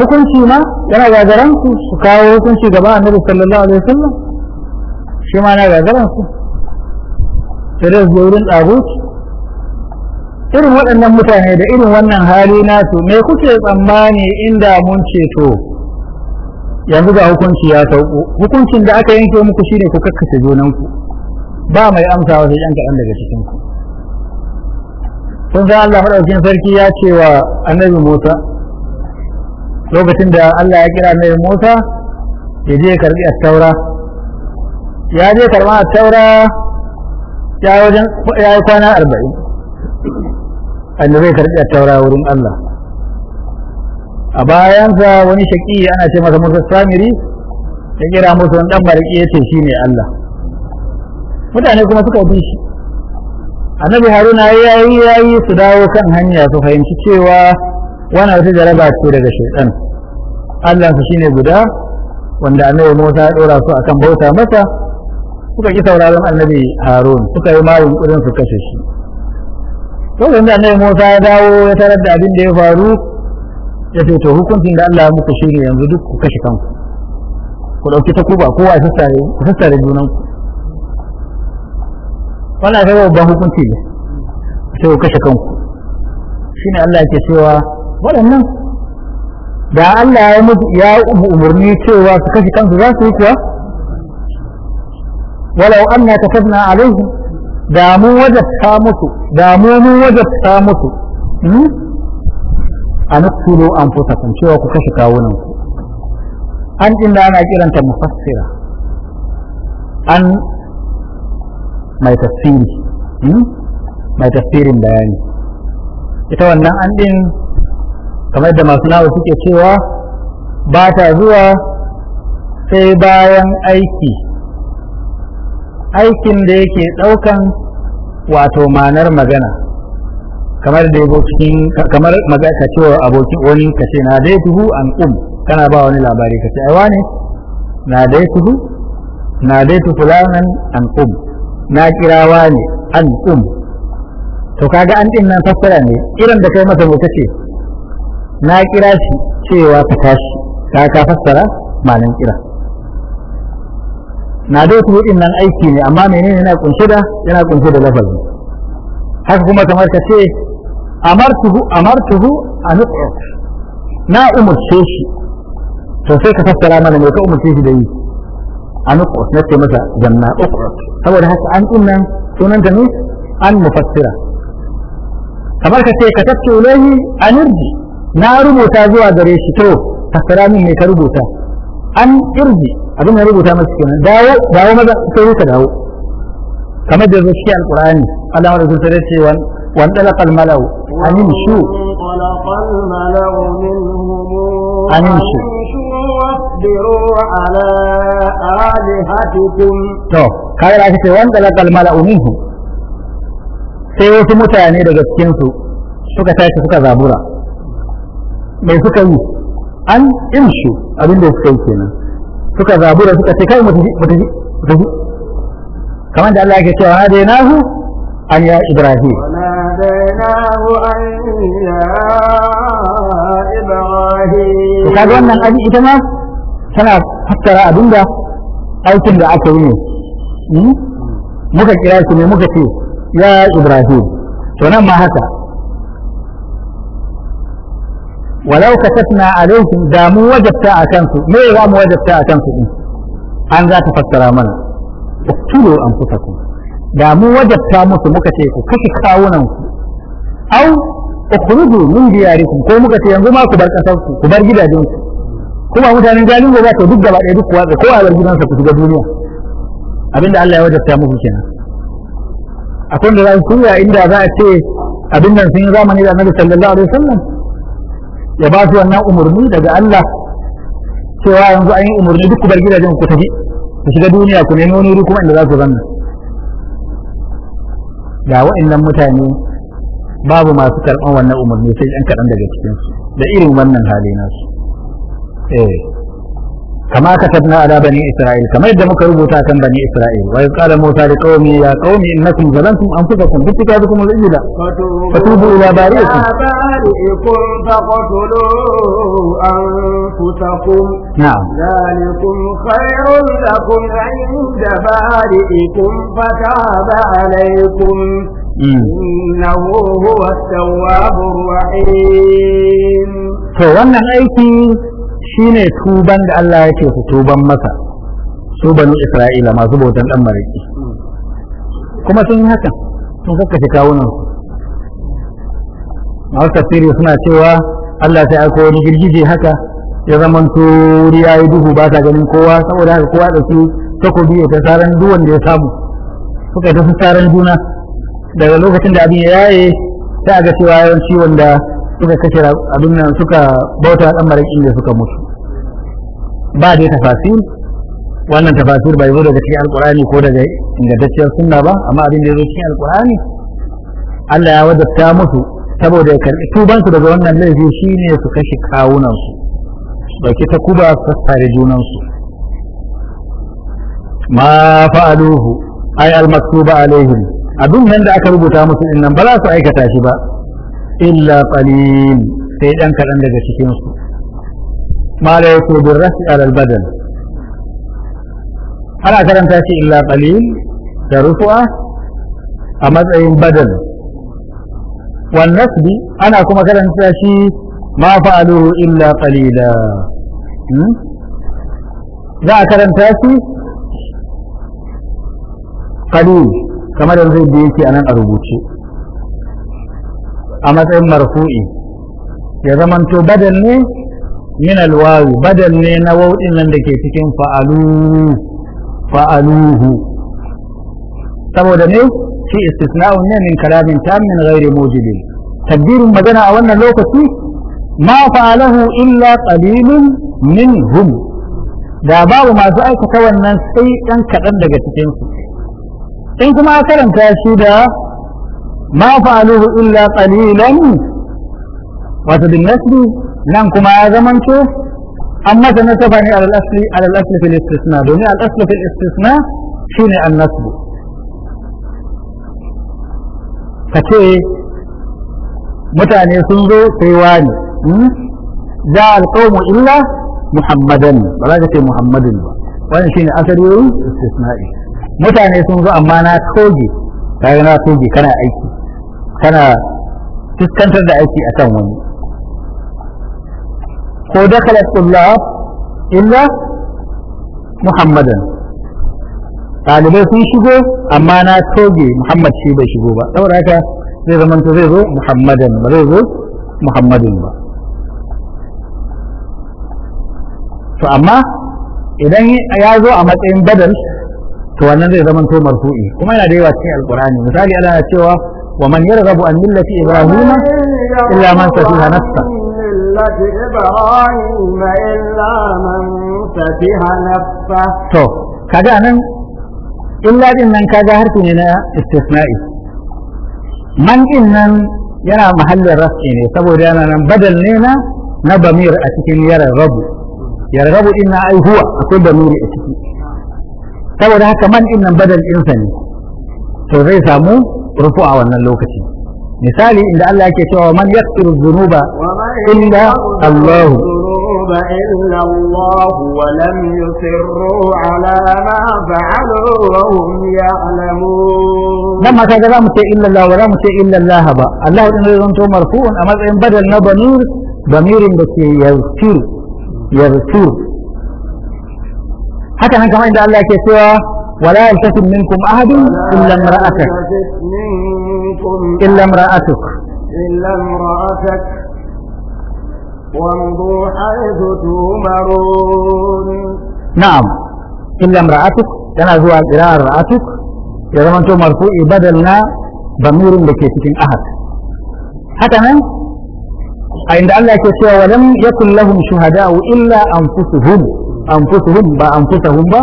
hukunci ma yana gagaran su su kawo hukunci gaba annabi sallallahu alaihi wasallam shi ma na gagaran su sai da wurin ɗaguci irin waɗannan mutane da irin wannan hali nasu me kuke tsammani inda mun ceto yanzu ga hukunci ya sauko hukuncin da aka yanke muku shine ku kakkace junanku ba mai amsawa sai yan kaɗan daga cikinku kun san Allah madaukakin sarki ya ce wa annabi Musa lokacin da Allah ya kira mai Musa ya je karbi a taura ya je karbi a taura ya wajen ya yi kwana arba'in annabi zai karbi a taura wurin Allah a bayansa wani shaki ana ce masa Musa Samiri ya kira Musa wani dan ce shi ne Allah mutane kuma suka bi shi annabi Haruna yayi yayi su dawo kan hanya su fahimci cewa wani wata jaraba ce daga shaitan Allah su shine guda wanda annabi Musa ya dora su akan bauta masa suka ki sauraron annabi Harun suka yi mayun kudin su kashe shi to yanzu annabi Musa ya dawo ya tarar da abin da ya faru ya ce to hukuncin da Allah ya muku shine yanzu duk ku kashe kanku ku dauki takuba kowa ya sassare ku sassare junanku wannan sai babban hukunci ne sai ku kashe kanku shine Allah yake cewa waɗannan da Allah ya mutu ya umarni cewa su kashe kansu za su yi kuwa walau anna katabna alaihim da mu wajabta musu da mu mun wajabta musu hmm? an tulo an kan cewa ku kashe kawunan ku an inda ana kiranta mufassira an mai tafsiri hmm? mai tafsirin bayani ita wannan an din kamar da masu nawa suke cewa ba ta zuwa sai bayan aiki aikin da yake ɗaukan wato manar magana kamar da abokin kamar magana cewa abokin wani ka ce na dai tuhu an um kana ba wani labari ka ce ai wani na dai tuhu na dai tuhu fulanan an um na kirawa ne an um to kaga an din nan fassara ne irin da kai masa mu kace na kira shi cewa ka tashi ka ka fassara malan kira na dai su hudin nan aiki ne amma menene yana kunshe da yana kunshe da lafazi haka kuma kamar ka ce amartuhu amartuhu an uqruk na umurce shi to sai ka fassara mana me ka umurce shi da yi an uqruk na ce masa janna uqruk saboda haka an din nan sunan da ne an mufassira kamar ka ce ka tattu ilahi an na rubuta zuwa gare shi to fassara min me ka rubuta an irji abin da rubuta masa kenan dawo dawo maza sai ka dawo kamar da zai shi alqur'ani Allah ya rubuta ce wan wan talaqa Amin malau anin shu anin shu to kai da kace wanda lakal mala'u minhum sai wasu mutane daga cikin su suka tashi suka zabura mai suka yi an abin abinda suka yi kenan suka zabu da suka ce kai mu tafi kamar da Allah yake cewa nahu an ya ibrahim to kaga wannan aji ita ma tana fassara abinda aikin da aka yi ne hmm? muka kira shi ne muka ce ya ibrahim to nan ma haka walau na alaihim da mu wajabta a kansu me za mu wajabta a kansu din an za ta fassara mana uktulu anfusakum da mu wajabta musu muka ce ku kashe kawunan ku au ukhruju min ko muka ce yanzu ku bar kasar ku ku bar gidajen kuma mutanen galin gobe to duk watsa ko a bar gidansa ku shiga duniya abinda Allah ya wajabta akwai inda za ce sun yi sallallahu alaihi ya ba su wannan umarni daga Allah cewa yanzu an yi umarni duk bar gidajen ku tafi ku shiga duniya ku nemi wani kuma inda za ku zanna ga wa'annan mutane babu masu karɓan wannan umarni sai yan kaɗan daga cikinsu da irin wannan hali nasu eh كما كتبنا على بني إسرائيل كما يدى مكربو تاكن بني إسرائيل وإذ قال موسى لقومه يا قوم إنكم ظلمتم أنفسكم باتكاذكم الإنجيل فتوبوا إلى بارئكم بارئكم فاقتلوا أنفسكم نعم ذلكم خير لكم عند بارئكم فتاب عليكم إنه هو التواب الرحيم فوانا أيتي ne tuban da Allah yake su tuban masa su bani Isra'ila masu bautan dan mariki kuma sun yi hakan sun kakkashe kawunan masu tafsiri suna cewa Allah sai aiko wani girgije haka ya zama turi ya yi duhu ba ta ganin kowa saboda haka kowa da su takobi ya ta tsaron duwan da ya samu suka ta tsaron juna daga lokacin da abin ya yaye sai a ga cewa yawanci wanda suka kashe abin nan suka bauta dan mariki da suka mutu ba dai tafasir wannan tafasir bai zo daga cikin alkurani ko daga ingantacciyar sunna ba amma abin da ya zo cikin alkurani Allah ya wadatta musu saboda ya karɓi tubansu daga wannan laifi shine su kashe kawunansu baki ta kuba sassare junansu ma fa'aluhu ay al-maktuba alaihim abin nan da aka rubuta musu din nan ba za su aikata shi ba illa qalil sai dan kadan daga cikin su ma la rafi ala al ana karanta shi illa qalil da rufu'a a matsayin badal wan ana kuma karanta shi ma fa'aluhu illa qalila za karanta shi qalil kamar yanzu da yake anan a rubuce a matsayin marfu'i ya zamanto badal ne min alwawi badal ne na wau'in nan da ke cikin fa'alu fa'aluhu saboda ne shi istisna'un ne min kalamin tam min magana a wannan lokaci ma fa'alahu illa qalilun minhum da babu masu aikata wannan sai dan kaɗan daga cikinsu in kuma karanta shi da ma fa'aluhu illa qalilan wato bin nan kuma ya zamanto an masa nasaba ne alal asli alal asli fil istisna domin al asli fil istisna shine an nasb kace mutane sun zo sai wani ja al qawmu illa muhammadan ba za ka ce muhammadin ba wannan shine asali wurin istisna'i mutane sun zo amma na toge kaga na toge kana aiki kana fuskantar da aiki akan wani ko dakhala kullab illa muhammadan ɗalibai sun shigo amma na toge muhammad shi bai shigo ba saboda haka zai zamanta zai zo muhammadan ba zai zo muhammadin ba to amma idan ya zo a matsayin badal to wannan zai zama to marfu'i kuma yana da yawa cikin alqur'ani misali Allah ya cewa wa man rabu an millati ibrahima illa man safiha nafsa ملة إبراهيم إلا من فتح نفسه تو كذا أنا إلا دينا كذا هرتنا استثنائي من إنن yana mahallin rafi ne saboda yana nan badal ne na na bamir a cikin yaran rabu yaran rabu ina ai huwa akwai bamiri a ciki saboda haka man din nan badal ɗinsa ne to zai samu rufu a wannan lokaci misali inda Allah yake cewa man yaghfiru dhunuba illa Allah إلا الله ولم يصروا على ما فعلوا وهم يعلمون لما كان لا متى إلا الله ولا متى إلا الله با الله إن أنتم مرفوع أما إن بدل نبنور ضمير بس يذكر يذكر حتى أنا كمان إن الله كسوى ولا يلتفت منكم أحد إلا امرأتك منكم إلا امرأتك إلا امرأتك وامضوا حيث تؤمرون نعم إلا امرأتك كان هو إلا امرأتك إذا ما أنتم مرفوع بدلنا ضمير لكي أحد حتى من عند الله كتير ولم يكن لهم شهداء إلا أنفسهم أنفسهم با أنفسهم با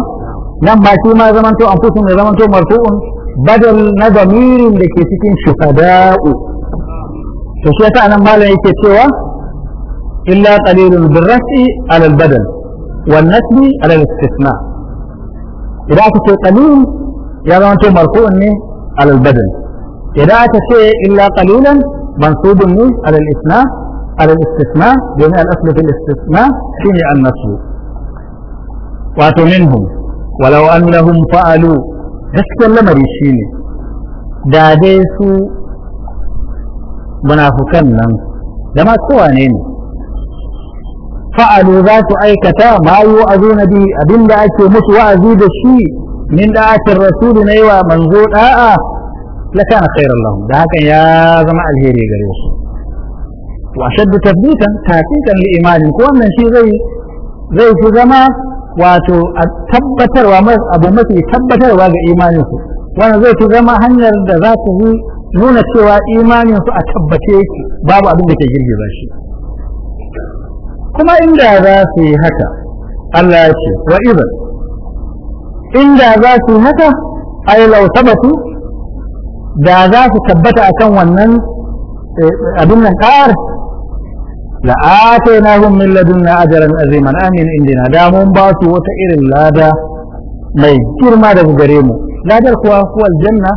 نعم ما كما زمنتم أنفسهم زمنتم مرفوع بدل نضمير لكي شهداء فشيء أنا ما لي كتوى إلا قليل بالرأس على البدل والنسب على الاستثناء إذا أتت قليل يعني أنت مرفوع على البدل إذا أتت إلا قليلا منصوب على الاثناء على الاستثناء جميع الأصل في الاستثناء سمع النسل وأتوا منهم ولو أنهم فعلوا gaskiyar lamari shi ne da dai su munafukan nan da ma kowane ne ne. fa'alu za su aikata ma yi wa'azu na abin da ake musu wa'azi da shi min da'atin rasulu na yi wa manzo da'a la kana khairan lahum da hakan ya zama alheri gare su wa shaddu tabbitan taqiqan li imanin ko wannan shi zai zai fi zama wato a tabbatarwa abu mafi tabbatarwa ga imaninsu wanda zai fi zama hanyar da za ta yi nuna cewa imaninsu a tabbace yake babu abin da ke ba shi kuma inda za su yi haka Allah ya ce wa iza inda za su yi haka ai lau sabatu da za su tabbata akan wannan eh, abin nan ƙara la'atainahum min ladunna ajran aziman amin indina da mun ba wata irin lada mai girma daga gare mu ladar kuwa ku aljanna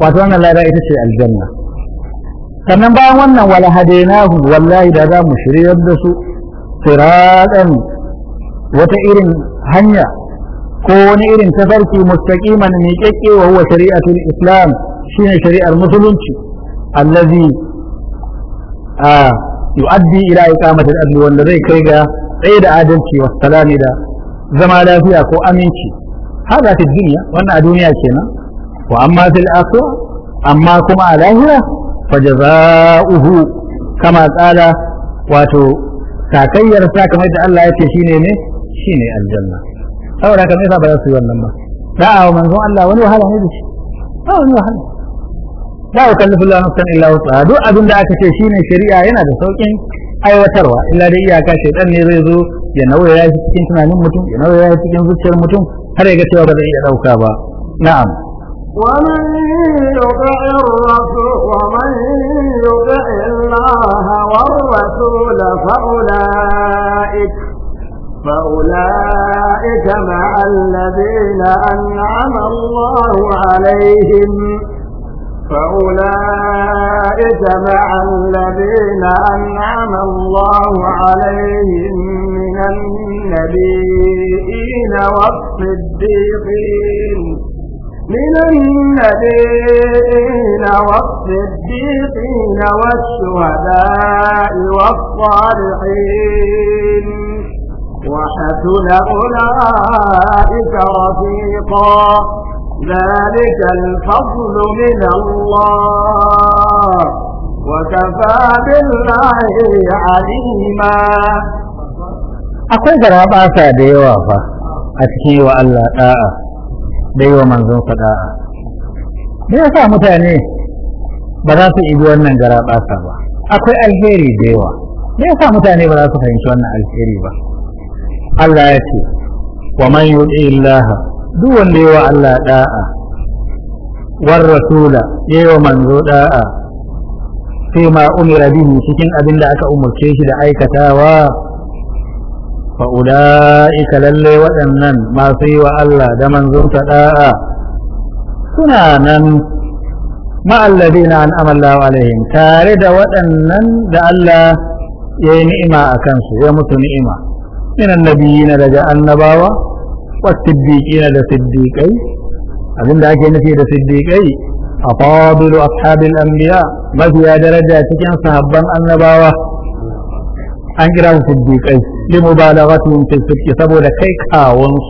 wato wannan lada ita ce aljanna sannan bayan wannan wala wallahi da za mu shiryar da su siratan wata irin hanya ko wani irin tafarki mustaqiman ne kike wa huwa shari'atul islam shine shari'ar musulunci allazi yu'addi ila iqamatil adli wanda zai kai ga tsaye da adalci wa salami da zama lafiya ko aminci hada ta duniya wannan a duniya kenan wa amma fil akhirah amma kuma a lahira fa jazaohu kama qala wato sakayyar kamar da Allah ya ce shine ne shine aljanna saboda kamar yasa ba za su yi wannan ba da'a manzon Allah wani wahala ne da shi wani wahala la yukallifu Allahu nafsan illa wus'aha duk abin da aka ce shine shari'a yana da saukin aiwatarwa illa dai iyaka shaytan ne zai zo ya nawaya shi cikin tunanin mutum ya nawaya cikin zuciyar mutum har ya ga cewa ba zai iya dauka ba na'am ومن يطع الرسول ومن يطع الله والرسول فأولئك فأولئك مع الذين أنعم الله عليهم فأولئك مع الذين أنعم الله عليهم من النبيين والصديقين من النبيين والصديقين والشهداء والصالحين وحسن أولئك رفيقا ذلك الفضل من الله وكفى بالله عليما akwai garabasa da yawa fa a cikin wa Allah da'a da yawa manzon sa da'a me yasa mutane ba za su ibi wannan garabasa ba akwai alheri da yawa me yasa mutane ba za su fahimci wannan alheri ba Allah ya ce wa man yuti Allah duk wanda yawa Allah ɗa'a war rasula yawa manzo ɗa'a, sai ma umira bihi cikin abin da aka umarce shi da aikatawa fa ulaika lalle waɗannan masu yi wa Allah da manzonsa ɗa'a. suna nan ma'alladina an amalla alaihim tare da waɗannan da Allah ya yi ni'ima a kansu ya mutu ni'ima minan nabiyina daga annabawa والصديقين لصديقين أظن ذلك نفي لصديقين أفاضل أصحاب الأنبياء ما في درجة كان صحبا أن أنجرهم صديقين لمبالغتهم في الصدق سبب كيك آونس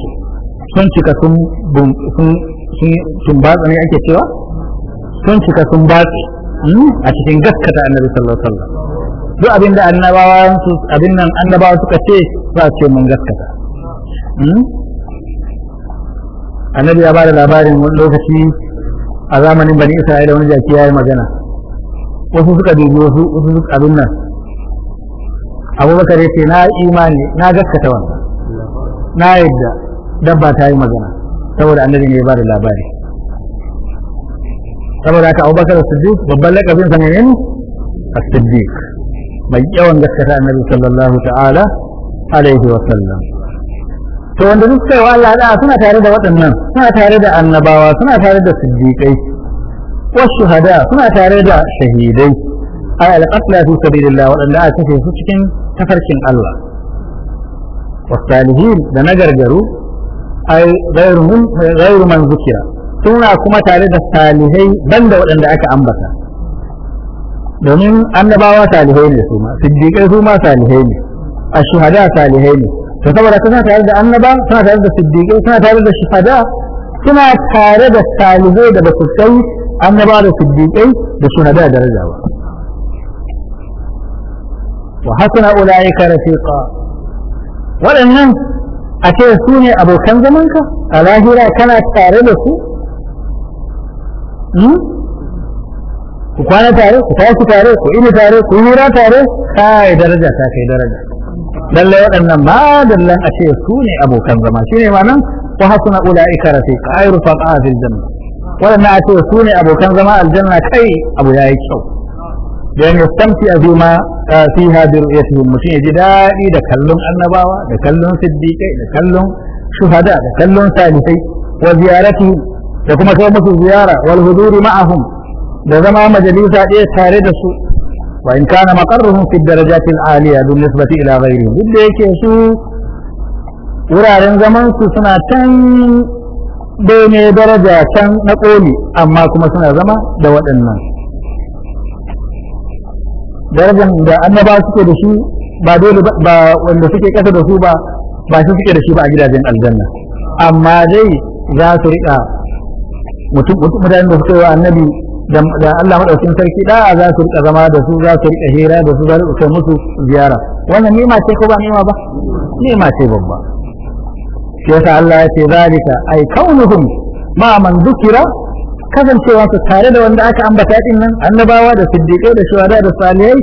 سنشك سن sun batsa ne ake cewa sun cika sun batsi hmm, a cikin gaskata annabi sallallahu alaihi wasallam duk abin da annabawa su abin nan annabawa suka ce za ce mun gaskata hmm? annabi ya ba da labarin wani lokaci a zamanin bani isra'ila wani jaki ya yi magana wasu suka dubi wasu wasu suka abin nan abubakar ya ce na imani na gaskata wannan na yadda dabba ta yi magana saboda annabi ne ya ba da labari saboda haka abubakar siddiq babban lakabin sa ne ne siddiq mai yawan gaskata annabi sallallahu ta'ala alaihi wa sallam to wanda duk sai wa Allah suna tare da waɗannan suna tare da annabawa suna tare da siddiqai wa shuhada suna tare da shahidai ay al-qatla fi sabilillah waɗanda aka ce su cikin tafarkin Allah wasalihin da nagargaru ay ghayruhum ghayru man zikira suna kuma tare da salihai banda waɗanda aka ambata domin annabawa salihai ne su ma siddiqai su ma salihai ne ashuhada salihai ne to saboda suna tare da annaba suna tare da siddiqai suna tare da shuhada suna tare da salibai da basu kai annaba da siddiqai da shuhada daraja ba wa hasuna ulaika rafiqa waɗannan a ce su ne abokan zamanka a lahira kana tare da su ku kwana tare ku tashi tare ku ini tare ku hira tare kai daraja ta kai daraja lalle waɗannan ma dallan a ce su ne abokan zama shine ma'anan wa hasuna ka rafiqa ay rufaqa fil janna waɗannan a ce su ne abokan zama aljanna kai abu yayi kyau dan yastamti azuma fiha bi ru'yatihim mutum ji daɗi da kallon annabawa da kallon siddiqai da kallon shuhada da kallon Salisai wa ziyarati da kuma kai musu ziyara wal huduri ma'ahum da zama majalisa ɗaya tare da su wa in kana maqarruhum fi darajati al-aliya bin nisbati ila ghayrihim duk da su wuraren zaman su suna can bene daraja can na koli amma kuma suna zama da waɗannan darajar da annaba suke da shi ba dole ba wanda suke ƙasa da su ba ba shi suke da shi ba a gidajen aljanna amma dai za su riƙa mutum mutanen da suka yi wa annabi da Allah madaukin sarki da za su rika zama da su za su rika hira da su za su musu ziyara wannan nima ce ko ba nima ba nima ce babba shi yasa Allah ya ce zalika ai kaunuhum ma man dukira kasancewa su tare da wanda aka ambata din nan annabawa da siddiqai da shuhada da salihai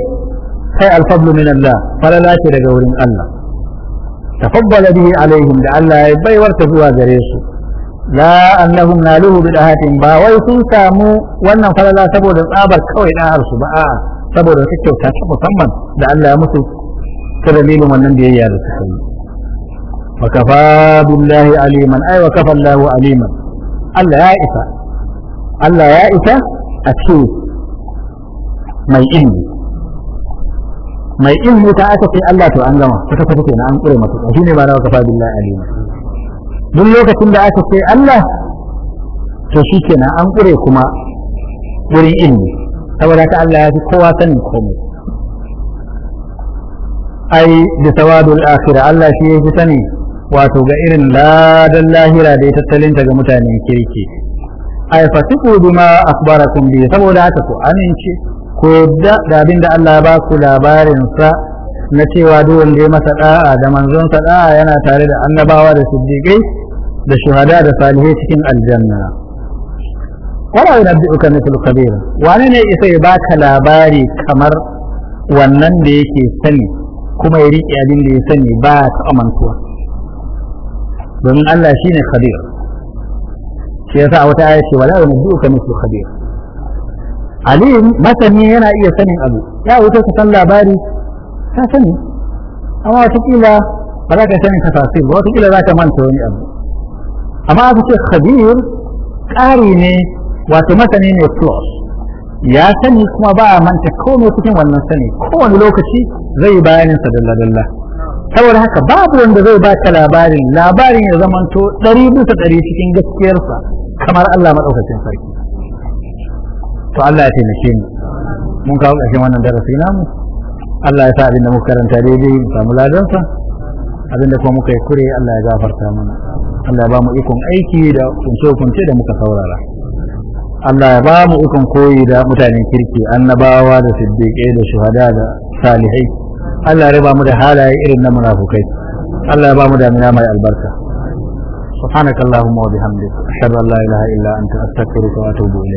kai alfadlu min Allah falala ce daga wurin Allah tafaddala bihi alaihim da Allah ya baiwarta zuwa gare su لا أنهم نالوه بالأهات با ويسون سامو وأن فلا لا تبود الآبر كوي الآبر سبعا تبود الكتو تتحب صمد لألا مسو تدليل من ننبي يا رسول وكفى بالله عليما أي وكفى الله عليما الله يائسا الله يائسا أكيد mai ilmi mai ilmi ta aka sai Allah to an gama ta tafi kenan an kure masa duk lokacin da aka ce Allah to shi kenan an ƙure kuma wurin ilmi saboda ka Allah ya fi kowa sanin komai ai da tawadul akhirah Allah shi ya fi sani wato ga irin ladan lahira da ya tattalinta ga mutanen kirki ai fasiku bima akhbarakum bi saboda haka ku amince ko da abin da Allah ya ba ku labarin sa na cewa duk wanda ya masa da'a da manzon sa da'a yana tare da annabawa da siddiqai da shuhada da salihai cikin aljanna wala yunabbi'uka mithlu khabir wani ne isa ya baka labari kamar wannan da yake sani kuma ya riƙe abin da ya sani ba ta amantuwa domin Allah shine khabir shi yasa wata aya ce wala yunabbi'uka mithlu khabir alim masani yana iya sanin abu ya wuce ka san labari ka sani amma wata kila ba za ka sani tafasir ba wata kila za ka manta wani abu amma aka ce khabir ƙari ne wato masani ne plus ya sani kuma ba a manta komai cikin wannan sani kowane lokaci zai bayanin sa dalla dalla saboda haka babu wanda zai ba ka labarin labarin ya zamanto ɗari bisa ɗari cikin gaskiyarsa kamar Allah maɗaukacin sarki to Allah ya taimake mu mun kawo ƙarshen wannan darasi namu Allah ya sa abin da muka karanta daidai mu samu ladansa abinda kuma muka yi kure Allah ya gafarta mana Allah ya ba mu ikon aiki da kunce-kunce da muka saurara Allah ya ba mu ikon koyi da mutanen kirki annabawa da siddiƙai da shuhada da salihai Allah ya riba mu da halaye irin na munafukai Allah ya ba mu damina mai albarka subhanakallahumma wa bihamdika ashhadu an la ilaha illa anta astaghfiruka wa